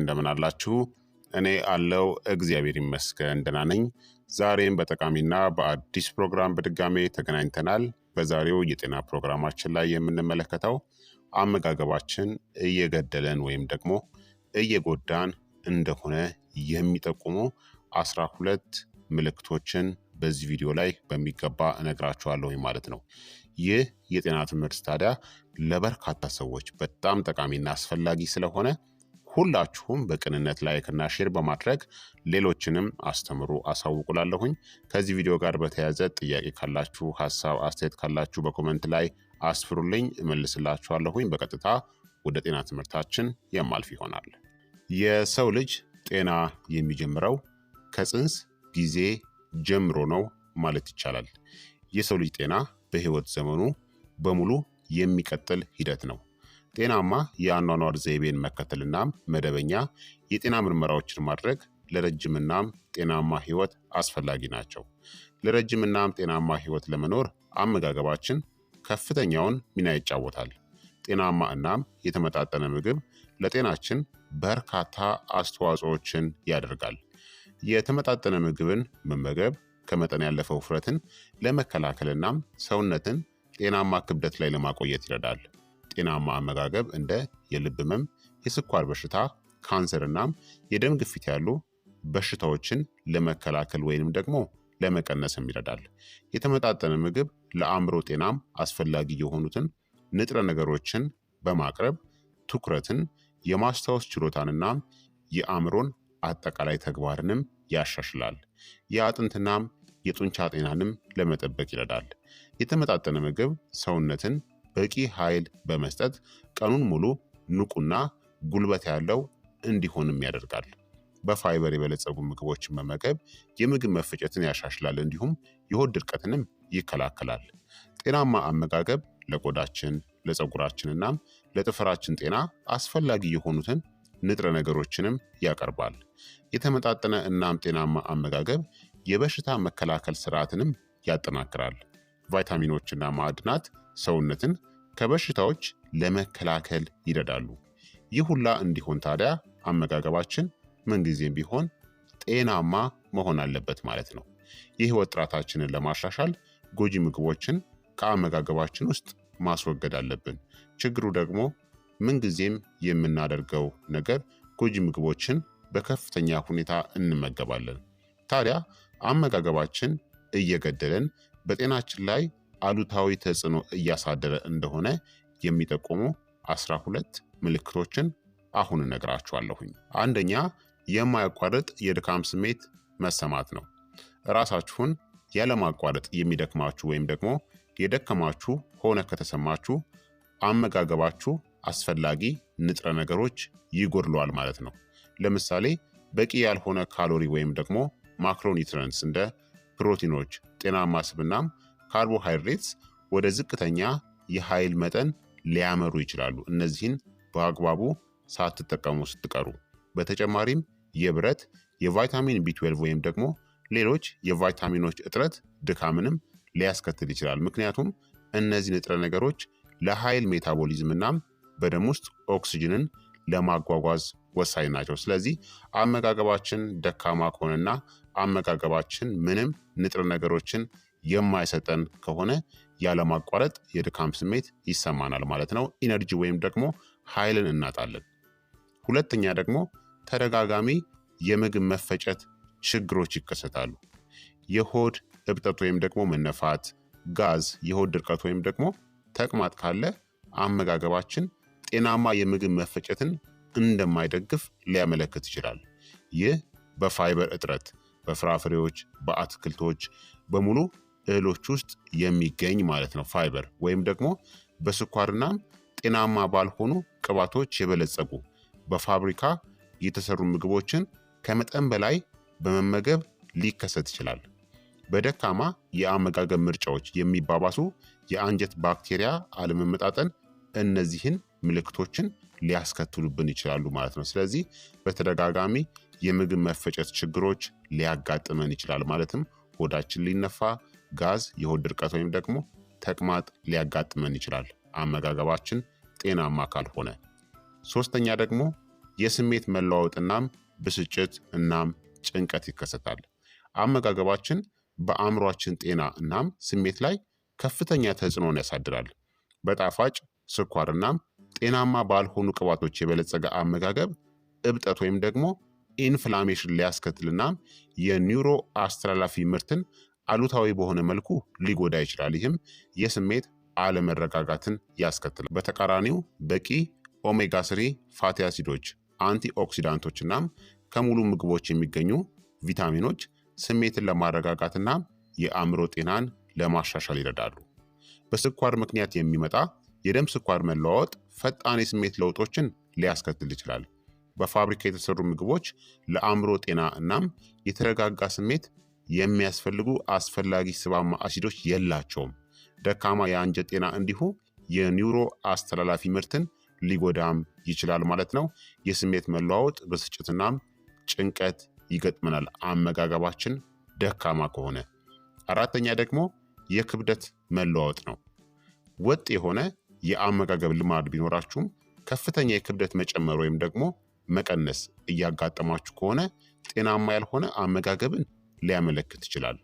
እንደምን አላችሁ? እኔ አለው እግዚአብሔር ይመስገን ደህና ነኝ። ዛሬም በጠቃሚና በአዲስ ፕሮግራም በድጋሜ ተገናኝተናል። በዛሬው የጤና ፕሮግራማችን ላይ የምንመለከተው አመጋገባችን እየገደለን ወይም ደግሞ እየጎዳን እንደሆነ የሚጠቁሙ አስራ ሁለት ምልክቶችን በዚህ ቪዲዮ ላይ በሚገባ እነግራችኋለሁ ማለት ነው። ይህ የጤና ትምህርት ታዲያ ለበርካታ ሰዎች በጣም ጠቃሚና አስፈላጊ ስለሆነ ሁላችሁም በቅንነት እና ሼር በማድረግ ሌሎችንም አስተምሩ አሳውቁላለሁኝ። ከዚህ ቪዲዮ ጋር በተያያዘ ጥያቄ ካላችሁ፣ ሀሳብ አስተያየት ካላችሁ በኮመንት ላይ አስፍሩልኝ፣ እመልስላችኋለሁኝ። በቀጥታ ወደ ጤና ትምህርታችን የማልፍ ይሆናል። የሰው ልጅ ጤና የሚጀምረው ከጽንስ ጊዜ ጀምሮ ነው ማለት ይቻላል። የሰው ልጅ ጤና በህይወት ዘመኑ በሙሉ የሚቀጥል ሂደት ነው። ጤናማ የአኗኗር ዘይቤን መከተልናም መደበኛ የጤና ምርመራዎችን ማድረግ ለረጅምናም ጤናማ ህይወት አስፈላጊ ናቸው። ለረጅምናም ጤናማ ህይወት ለመኖር አመጋገባችን ከፍተኛውን ሚና ይጫወታል። ጤናማ እናም የተመጣጠነ ምግብ ለጤናችን በርካታ አስተዋጽኦችን ያደርጋል። የተመጣጠነ ምግብን መመገብ ከመጠን ያለፈ ውፍረትን ለመከላከልናም ሰውነትን ጤናማ ክብደት ላይ ለማቆየት ይረዳል። ጤናማ አመጋገብ እንደ የልብ ህመም፣ የስኳር በሽታ፣ ካንሰር እናም የደም ግፊት ያሉ በሽታዎችን ለመከላከል ወይንም ደግሞ ለመቀነስም ይረዳል። የተመጣጠነ ምግብ ለአእምሮ ጤናም አስፈላጊ የሆኑትን ንጥረ ነገሮችን በማቅረብ ትኩረትን፣ የማስታወስ ችሎታንና የአእምሮን አጠቃላይ ተግባርንም ያሻሽላል። የአጥንትናም የጡንቻ ጤናንም ለመጠበቅ ይረዳል። የተመጣጠነ ምግብ ሰውነትን በቂ ኃይል በመስጠት ቀኑን ሙሉ ንቁና ጉልበት ያለው እንዲሆንም ያደርጋል። በፋይበር የበለጸጉ ምግቦችን መመገብ የምግብ መፈጨትን ያሻሽላል፣ እንዲሁም የሆድ ድርቀትንም ይከላከላል። ጤናማ አመጋገብ ለቆዳችን ለፀጉራችንና ለጥፍራችን ጤና አስፈላጊ የሆኑትን ንጥረ ነገሮችንም ያቀርባል። የተመጣጠነ እናም ጤናማ አመጋገብ የበሽታ መከላከል ስርዓትንም ያጠናክራል። ቫይታሚኖችና ማዕድናት ሰውነትን ከበሽታዎች ለመከላከል ይረዳሉ። ይህ ሁላ እንዲሆን ታዲያ አመጋገባችን ምንጊዜም ቢሆን ጤናማ መሆን አለበት ማለት ነው። የህይወት ጥራታችንን ለማሻሻል ጎጂ ምግቦችን ከአመጋገባችን ውስጥ ማስወገድ አለብን። ችግሩ ደግሞ ምንጊዜም የምናደርገው ነገር ጎጂ ምግቦችን በከፍተኛ ሁኔታ እንመገባለን። ታዲያ አመጋገባችን እየገደለን በጤናችን ላይ አሉታዊ ተጽዕኖ እያሳደረ እንደሆነ የሚጠቁሙ አስራ ሁለት ምልክቶችን አሁን እነግራችኋለሁኝ። አንደኛ የማያቋርጥ የድካም ስሜት መሰማት ነው። ራሳችሁን ያለማቋረጥ የሚደክማችሁ ወይም ደግሞ የደከማችሁ ሆነ ከተሰማችሁ አመጋገባችሁ አስፈላጊ ንጥረ ነገሮች ይጎድለዋል ማለት ነው። ለምሳሌ በቂ ያልሆነ ካሎሪ ወይም ደግሞ ማክሮኒትረንስ እንደ ፕሮቲኖች፣ ጤናማ ስብናም ካርቦሃይድሬትስ ወደ ዝቅተኛ የኃይል መጠን ሊያመሩ ይችላሉ። እነዚህን በአግባቡ ሳትጠቀሙ ስትቀሩ። በተጨማሪም የብረት፣ የቫይታሚን ቢ12 ወይም ደግሞ ሌሎች የቫይታሚኖች እጥረት ድካምንም ሊያስከትል ይችላል። ምክንያቱም እነዚህ ንጥረ ነገሮች ለኃይል ሜታቦሊዝም እናም በደም ውስጥ ኦክስጅንን ለማጓጓዝ ወሳኝ ናቸው። ስለዚህ አመጋገባችን ደካማ ከሆነና አመጋገባችን ምንም ንጥረ ነገሮችን የማይሰጠን ከሆነ ያለማቋረጥ የድካም ስሜት ይሰማናል ማለት ነው። ኢነርጂ ወይም ደግሞ ኃይልን እናጣለን። ሁለተኛ ደግሞ ተደጋጋሚ የምግብ መፈጨት ችግሮች ይከሰታሉ። የሆድ እብጠት ወይም ደግሞ መነፋት፣ ጋዝ፣ የሆድ ድርቀት ወይም ደግሞ ተቅማጥ ካለ አመጋገባችን ጤናማ የምግብ መፈጨትን እንደማይደግፍ ሊያመለክት ይችላል። ይህ በፋይበር እጥረት፣ በፍራፍሬዎች፣ በአትክልቶች በሙሉ እህሎች ውስጥ የሚገኝ ማለት ነው። ፋይበር ወይም ደግሞ በስኳርና ጤናማ ባልሆኑ ቅባቶች የበለጸጉ በፋብሪካ የተሰሩ ምግቦችን ከመጠን በላይ በመመገብ ሊከሰት ይችላል። በደካማ የአመጋገብ ምርጫዎች የሚባባሱ የአንጀት ባክቴሪያ አለመመጣጠን እነዚህን ምልክቶችን ሊያስከትሉብን ይችላሉ ማለት ነው። ስለዚህ በተደጋጋሚ የምግብ መፈጨት ችግሮች ሊያጋጥመን ይችላል ማለትም ሆዳችን ሊነፋ ጋዝ፣ የሆድ ድርቀት ወይም ደግሞ ተቅማጥ ሊያጋጥመን ይችላል አመጋገባችን ጤናማ ካልሆነ። ሶስተኛ ደግሞ የስሜት መለዋወጥ እናም ብስጭት እናም ጭንቀት ይከሰታል። አመጋገባችን በአእምሯችን ጤና እናም ስሜት ላይ ከፍተኛ ተጽዕኖን ያሳድራል። በጣፋጭ ስኳር እናም ጤናማ ባልሆኑ ቅባቶች የበለጸገ አመጋገብ እብጠት ወይም ደግሞ ኢንፍላሜሽን ሊያስከትል የኒውሮ አስተላላፊ ምርትን አሉታዊ በሆነ መልኩ ሊጎዳ ይችላል። ይህም የስሜት አለመረጋጋትን ያስከትላል። በተቃራኒው በቂ ኦሜጋ ስሪ ፋቲ አሲዶች፣ አንቲ ኦክሲዳንቶች እናም ከሙሉ ምግቦች የሚገኙ ቪታሚኖች ስሜትን ለማረጋጋትና የአእምሮ ጤናን ለማሻሻል ይረዳሉ። በስኳር ምክንያት የሚመጣ የደም ስኳር መለዋወጥ ፈጣን የስሜት ለውጦችን ሊያስከትል ይችላል። በፋብሪካ የተሰሩ ምግቦች ለአእምሮ ጤና እናም የተረጋጋ ስሜት የሚያስፈልጉ አስፈላጊ ስባማ አሲዶች የላቸውም። ደካማ የአንጀት ጤና እንዲሁ የኒውሮ አስተላላፊ ምርትን ሊጎዳም ይችላል ማለት ነው። የስሜት መለዋወጥ፣ ብስጭትናም ጭንቀት ይገጥመናል አመጋገባችን ደካማ ከሆነ። አራተኛ ደግሞ የክብደት መለዋወጥ ነው። ወጥ የሆነ የአመጋገብ ልማድ ቢኖራችሁም ከፍተኛ የክብደት መጨመር ወይም ደግሞ መቀነስ እያጋጠማችሁ ከሆነ ጤናማ ያልሆነ አመጋገብን ሊያመለክት ይችላል።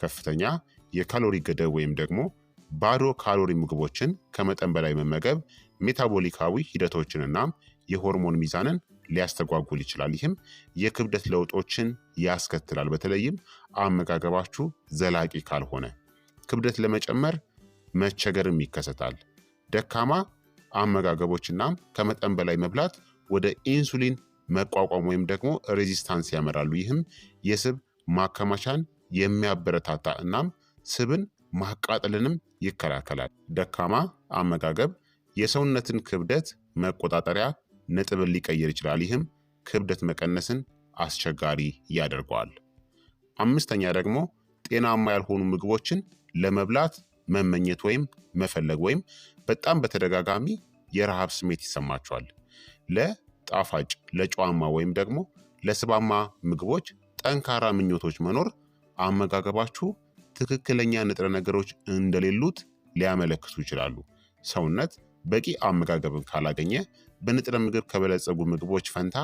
ከፍተኛ የካሎሪ ገደብ ወይም ደግሞ ባዶ ካሎሪ ምግቦችን ከመጠን በላይ መመገብ ሜታቦሊካዊ ሂደቶችን የሆርሞን ሚዛንን ሊያስተጓጉል ይችላል። ይህም የክብደት ለውጦችን ያስከትላል። በተለይም አመጋገባችሁ ዘላቂ ካልሆነ ክብደት ለመጨመር መቸገርም ይከሰታል። ደካማ አመጋገቦች ከመጠን በላይ መብላት ወደ ኢንሱሊን መቋቋም ወይም ደግሞ ሬዚስታንስ ያመራሉ። ይህም የስብ ማከማቻን የሚያበረታታ እናም ስብን ማቃጠልንም ይከላከላል። ደካማ አመጋገብ የሰውነትን ክብደት መቆጣጠሪያ ነጥብን ሊቀይር ይችላል። ይህም ክብደት መቀነስን አስቸጋሪ ያደርገዋል። አምስተኛ ደግሞ ጤናማ ያልሆኑ ምግቦችን ለመብላት መመኘት ወይም መፈለግ ወይም በጣም በተደጋጋሚ የረሃብ ስሜት ይሰማቸዋል። ለጣፋጭ ለጨዋማ ወይም ደግሞ ለስባማ ምግቦች ጠንካራ ምኞቶች መኖር አመጋገባችሁ ትክክለኛ ንጥረ ነገሮች እንደሌሉት ሊያመለክቱ ይችላሉ። ሰውነት በቂ አመጋገብን ካላገኘ በንጥረ ምግብ ከበለጸጉ ምግቦች ፈንታ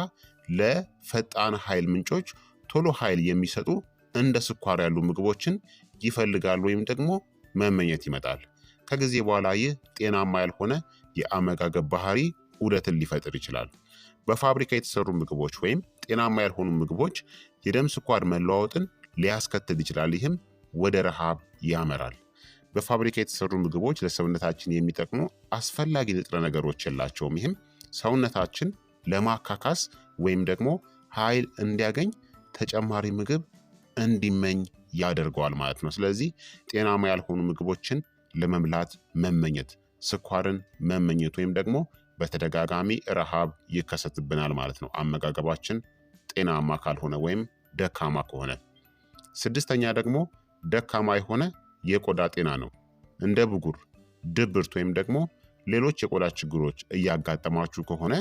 ለፈጣን ኃይል ምንጮች ቶሎ ኃይል የሚሰጡ እንደ ስኳር ያሉ ምግቦችን ይፈልጋል ወይም ደግሞ መመኘት ይመጣል። ከጊዜ በኋላ ይህ ጤናማ ያልሆነ የአመጋገብ ባህሪ ዑደትን ሊፈጥር ይችላል። በፋብሪካ የተሰሩ ምግቦች ወይም ጤናማ ያልሆኑ ምግቦች የደም ስኳር መለዋወጥን ሊያስከትል ይችላል። ይህም ወደ ረሃብ ያመራል። በፋብሪካ የተሰሩ ምግቦች ለሰውነታችን የሚጠቅሙ አስፈላጊ ንጥረ ነገሮች የላቸውም። ይህም ሰውነታችን ለማካካስ ወይም ደግሞ ኃይል እንዲያገኝ ተጨማሪ ምግብ እንዲመኝ ያደርገዋል ማለት ነው። ስለዚህ ጤናማ ያልሆኑ ምግቦችን ለመምላት መመኘት፣ ስኳርን መመኘት ወይም ደግሞ በተደጋጋሚ ረሃብ ይከሰትብናል ማለት ነው። አመጋገባችን ጤናማ ካልሆነ ወይም ደካማ ከሆነ። ስድስተኛ ደግሞ ደካማ የሆነ የቆዳ ጤና ነው። እንደ ብጉር፣ ድብርት ወይም ደግሞ ሌሎች የቆዳ ችግሮች እያጋጠማችሁ ከሆነ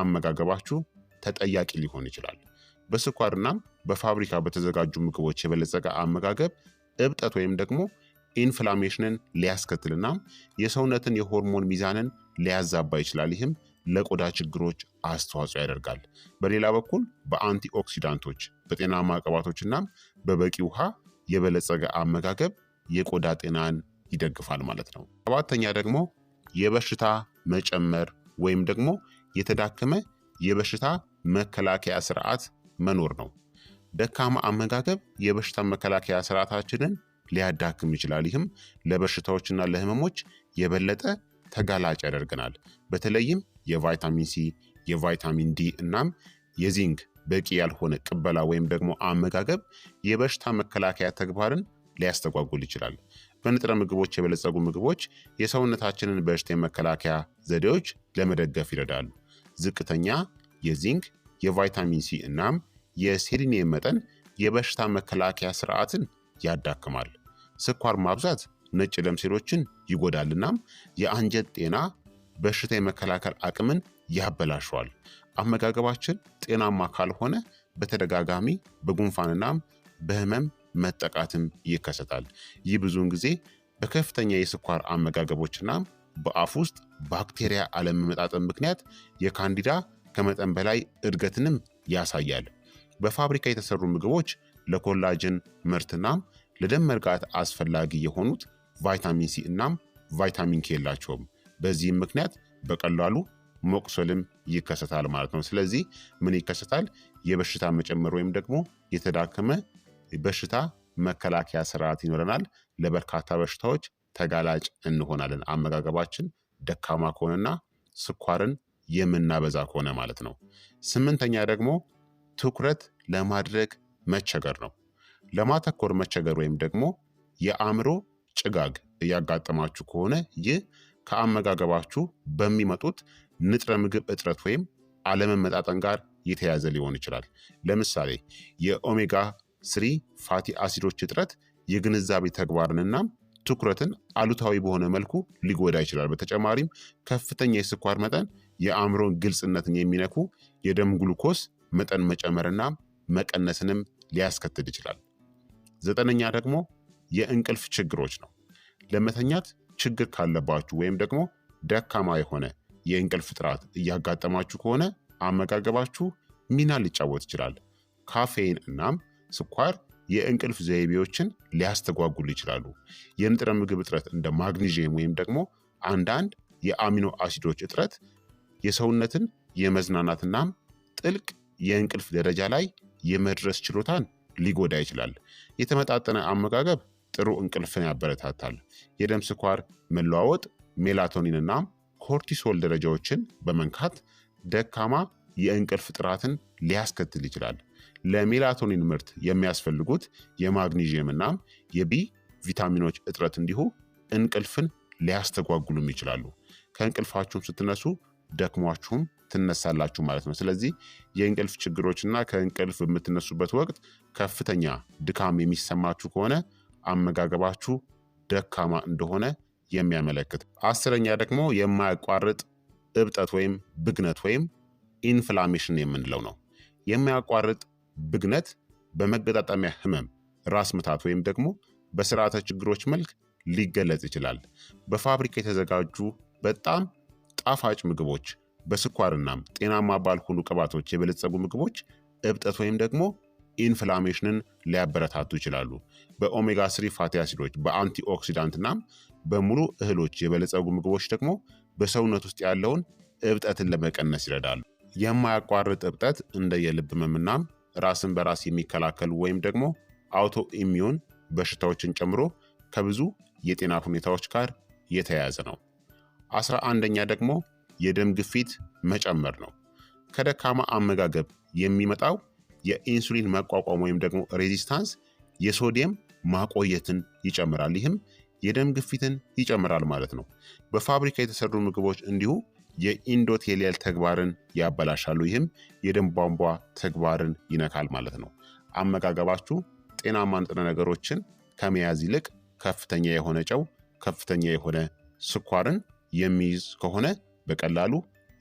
አመጋገባችሁ ተጠያቂ ሊሆን ይችላል። በስኳርናም በፋብሪካ በተዘጋጁ ምግቦች የበለጸገ አመጋገብ እብጠት ወይም ደግሞ ኢንፍላሜሽንን ሊያስከትልናም የሰውነትን የሆርሞን ሚዛንን ሊያዛባ ይችላል። ይህም ለቆዳ ችግሮች አስተዋጽኦ ያደርጋል። በሌላ በኩል በአንቲ ኦክሲዳንቶች፣ በጤናማ ቅባቶች በበቂ ውሃ የበለጸገ አመጋገብ የቆዳ ጤናን ይደግፋል ማለት ነው። ሰባተኛ ደግሞ የበሽታ መጨመር ወይም ደግሞ የተዳከመ የበሽታ መከላከያ ስርዓት መኖር ነው። ደካማ አመጋገብ የበሽታ መከላከያ ስርዓታችንን ሊያዳክም ይችላል። ይህም ለበሽታዎችና ለህመሞች የበለጠ ተጋላጭ ያደርገናል። በተለይም የቫይታሚን ሲ፣ የቫይታሚን ዲ እናም የዚንክ በቂ ያልሆነ ቅበላ ወይም ደግሞ አመጋገብ የበሽታ መከላከያ ተግባርን ሊያስተጓጉል ይችላል። በንጥረ ምግቦች የበለጸጉ ምግቦች የሰውነታችንን በሽታ የመከላከያ ዘዴዎች ለመደገፍ ይረዳሉ። ዝቅተኛ የዚንክ የቫይታሚን ሲ እናም የሴሊኒየም መጠን የበሽታ መከላከያ ስርዓትን ያዳክማል። ስኳር ማብዛት ነጭ ደም ሴሎችን ይጎዳል እናም የአንጀት ጤና በሽታ የመከላከል አቅምን ያበላሸዋል። አመጋገባችን ጤናማ ካልሆነ በተደጋጋሚ በጉንፋንናም በህመም መጠቃትም ይከሰታል። ይህ ብዙውን ጊዜ በከፍተኛ የስኳር አመጋገቦችና በአፍ ውስጥ ባክቴሪያ አለመመጣጠን ምክንያት የካንዲዳ ከመጠን በላይ እድገትንም ያሳያል። በፋብሪካ የተሰሩ ምግቦች ለኮላጅን ምርትናም ለደም መርጋት አስፈላጊ የሆኑት ቫይታሚን ሲ እናም ቫይታሚን ኬ የላቸውም። በዚህም ምክንያት በቀላሉ መቁሰልም ይከሰታል ማለት ነው። ስለዚህ ምን ይከሰታል? የበሽታ መጨመር ወይም ደግሞ የተዳከመ በሽታ መከላከያ ስርዓት ይኖረናል። ለበርካታ በሽታዎች ተጋላጭ እንሆናለን። አመጋገባችን ደካማ ከሆነና ስኳርን የምናበዛ ከሆነ ማለት ነው። ስምንተኛ ደግሞ ትኩረት ለማድረግ መቸገር ነው። ለማተኮር መቸገር ወይም ደግሞ የአእምሮ ጭጋግ እያጋጠማችሁ ከሆነ ይህ ከአመጋገባችሁ በሚመጡት ንጥረ ምግብ እጥረት ወይም አለመመጣጠን ጋር የተያዘ ሊሆን ይችላል። ለምሳሌ የኦሜጋ ስሪ ፋቲ አሲዶች እጥረት የግንዛቤ ተግባርንና ትኩረትን አሉታዊ በሆነ መልኩ ሊጎዳ ይችላል። በተጨማሪም ከፍተኛ የስኳር መጠን የአእምሮን ግልጽነትን የሚነኩ የደም ግሉኮስ መጠን መጨመርና መቀነስንም ሊያስከትል ይችላል። ዘጠነኛ ደግሞ የእንቅልፍ ችግሮች ነው። ለመተኛት ችግር ካለባችሁ ወይም ደግሞ ደካማ የሆነ የእንቅልፍ ጥራት እያጋጠማችሁ ከሆነ አመጋገባችሁ ሚና ሊጫወት ይችላል። ካፌን እናም ስኳር የእንቅልፍ ዘይቤዎችን ሊያስተጓጉል ይችላሉ። የንጥረ ምግብ እጥረት እንደ ማግኒዥየም ወይም ደግሞ አንዳንድ የአሚኖ አሲዶች እጥረት የሰውነትን የመዝናናት እናም ጥልቅ የእንቅልፍ ደረጃ ላይ የመድረስ ችሎታን ሊጎዳ ይችላል። የተመጣጠነ አመጋገብ ጥሩ እንቅልፍን ያበረታታል። የደም ስኳር መለዋወጥ ሜላቶኒንና ኮርቲሶል ደረጃዎችን በመንካት ደካማ የእንቅልፍ ጥራትን ሊያስከትል ይችላል። ለሜላቶኒን ምርት የሚያስፈልጉት የማግኒዥየም እናም የቢ ቪታሚኖች እጥረት እንዲሁ እንቅልፍን ሊያስተጓጉሉም ይችላሉ። ከእንቅልፋችሁም ስትነሱ ደክሟችሁም ትነሳላችሁ ማለት ነው። ስለዚህ የእንቅልፍ ችግሮችና ከእንቅልፍ በምትነሱበት ወቅት ከፍተኛ ድካም የሚሰማችሁ ከሆነ አመጋገባችሁ ደካማ እንደሆነ የሚያመለክት። አስረኛ ደግሞ የማያቋርጥ እብጠት ወይም ብግነት ወይም ኢንፍላሜሽን የምንለው ነው። የማያቋርጥ ብግነት በመገጣጠሚያ ህመም፣ ራስ ምታት ወይም ደግሞ በስርዓተ ችግሮች መልክ ሊገለጽ ይችላል። በፋብሪካ የተዘጋጁ በጣም ጣፋጭ ምግቦች፣ በስኳርናም ጤናማ ባልሆኑ ቅባቶች የበለጸጉ ምግቦች እብጠት ወይም ደግሞ ኢንፍላሜሽንን ሊያበረታቱ ይችላሉ። በኦሜጋ ስሪ ፋቲ አሲዶች በአንቲኦክሲዳንትናም በሙሉ እህሎች የበለጸጉ ምግቦች ደግሞ በሰውነት ውስጥ ያለውን እብጠትን ለመቀነስ ይረዳሉ። የማያቋርጥ እብጠት እንደ የልብ ህመምናም ራስን በራስ የሚከላከል ወይም ደግሞ አውቶ ኢሚዩን በሽታዎችን ጨምሮ ከብዙ የጤና ሁኔታዎች ጋር የተያያዘ ነው። አስራ አንደኛ ደግሞ የደም ግፊት መጨመር ነው። ከደካማ አመጋገብ የሚመጣው የኢንሱሊን መቋቋም ወይም ደግሞ ሬዚስታንስ የሶዲየም ማቆየትን ይጨምራል። ይህም የደም ግፊትን ይጨምራል ማለት ነው። በፋብሪካ የተሰሩ ምግቦች እንዲሁ የኢንዶቴሊያል ተግባርን ያበላሻሉ። ይህም የደም ቧንቧ ተግባርን ይነካል ማለት ነው። አመጋገባችሁ ጤናማ ንጥረ ነገሮችን ከመያዝ ይልቅ ከፍተኛ የሆነ ጨው፣ ከፍተኛ የሆነ ስኳርን የሚይዝ ከሆነ በቀላሉ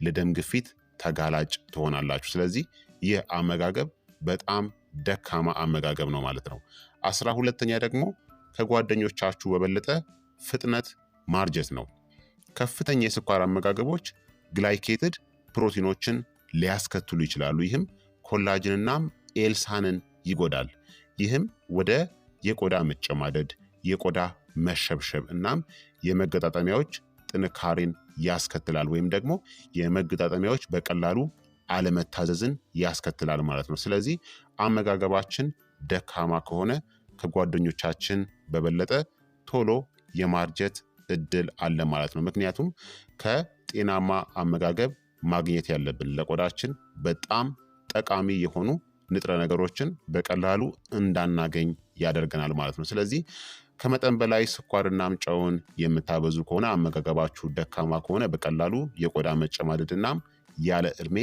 ለደም ግፊት ተጋላጭ ትሆናላችሁ። ስለዚህ ይህ አመጋገብ በጣም ደካማ አመጋገብ ነው ማለት ነው። አስራ ሁለተኛ ደግሞ ከጓደኞቻችሁ በበለጠ ፍጥነት ማርጀት ነው። ከፍተኛ የስኳር አመጋገቦች ግላይኬትድ ፕሮቲኖችን ሊያስከትሉ ይችላሉ። ይህም ኮላጅንናም ኤልሳንን ይጎዳል። ይህም ወደ የቆዳ መጨማደድ፣ የቆዳ መሸብሸብ እናም የመገጣጠሚያዎች ጥንካሬን ያስከትላል ወይም ደግሞ የመገጣጠሚያዎች በቀላሉ አለመታዘዝን ያስከትላል ማለት ነው። ስለዚህ አመጋገባችን ደካማ ከሆነ ከጓደኞቻችን በበለጠ ቶሎ የማርጀት እድል አለ ማለት ነው። ምክንያቱም ከጤናማ አመጋገብ ማግኘት ያለብን ለቆዳችን በጣም ጠቃሚ የሆኑ ንጥረ ነገሮችን በቀላሉ እንዳናገኝ ያደርገናል ማለት ነው። ስለዚህ ከመጠን በላይ ስኳርናም ጨውን የምታበዙ ከሆነ አመጋገባችሁ ደካማ ከሆነ በቀላሉ የቆዳ መጨማደድናም ያለ እድሜ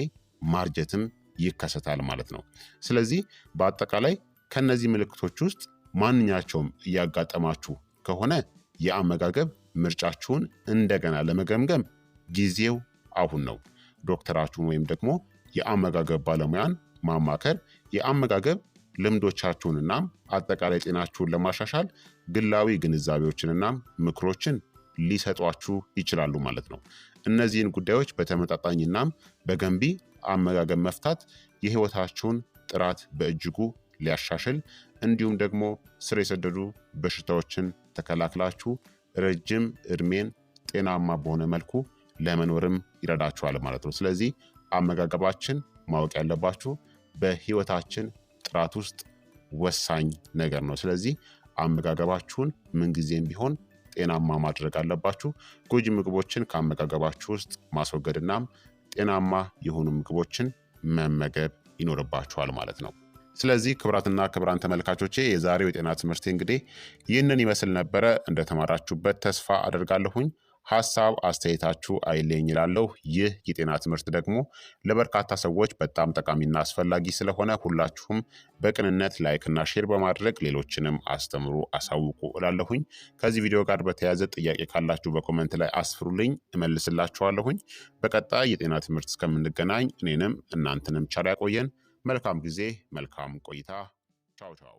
ማርጀትም ይከሰታል ማለት ነው። ስለዚህ በአጠቃላይ ከነዚህ ምልክቶች ውስጥ ማንኛቸውም እያጋጠማችሁ ከሆነ የአመጋገብ ምርጫችሁን እንደገና ለመገምገም ጊዜው አሁን ነው። ዶክተራችሁን ወይም ደግሞ የአመጋገብ ባለሙያን ማማከር የአመጋገብ ልምዶቻችሁንና አጠቃላይ ጤናችሁን ለማሻሻል ግላዊ ግንዛቤዎችንና ምክሮችን ሊሰጧችሁ ይችላሉ ማለት ነው። እነዚህን ጉዳዮች በተመጣጣኝናም በገንቢ አመጋገብ መፍታት የህይወታችሁን ጥራት በእጅጉ ሊያሻሽል እንዲሁም ደግሞ ስር የሰደዱ በሽታዎችን ተከላክላችሁ ረጅም እድሜን ጤናማ በሆነ መልኩ ለመኖርም ይረዳችኋል ማለት ነው። ስለዚህ አመጋገባችን ማወቅ ያለባችሁ በህይወታችን ጥራት ውስጥ ወሳኝ ነገር ነው። ስለዚህ አመጋገባችሁን ምንጊዜም ቢሆን ጤናማ ማድረግ አለባችሁ። ጎጂ ምግቦችን ከአመጋገባችሁ ውስጥ ማስወገድናም ጤናማ የሆኑ ምግቦችን መመገብ ይኖርባችኋል ማለት ነው። ስለዚህ ክብራትና ክብራን ተመልካቾቼ የዛሬው የጤና ትምህርት እንግዲህ ይህንን ይመስል ነበረ። እንደተማራችሁበት ተስፋ አደርጋለሁኝ። ሀሳብ አስተያየታችሁ አይለኝ ይላለሁ። ይህ የጤና ትምህርት ደግሞ ለበርካታ ሰዎች በጣም ጠቃሚና አስፈላጊ ስለሆነ ሁላችሁም በቅንነት ላይክና ሼር በማድረግ ሌሎችንም አስተምሩ፣ አሳውቁ እላለሁኝ። ከዚህ ቪዲዮ ጋር በተያያዘ ጥያቄ ካላችሁ በኮመንት ላይ አስፍሩልኝ፣ እመልስላችኋለሁኝ። በቀጣይ የጤና ትምህርት እስከምንገናኝ እኔንም እናንተንም ቻላ ያቆየን። መልካም ጊዜ፣ መልካም ቆይታ። ቻው ቻው።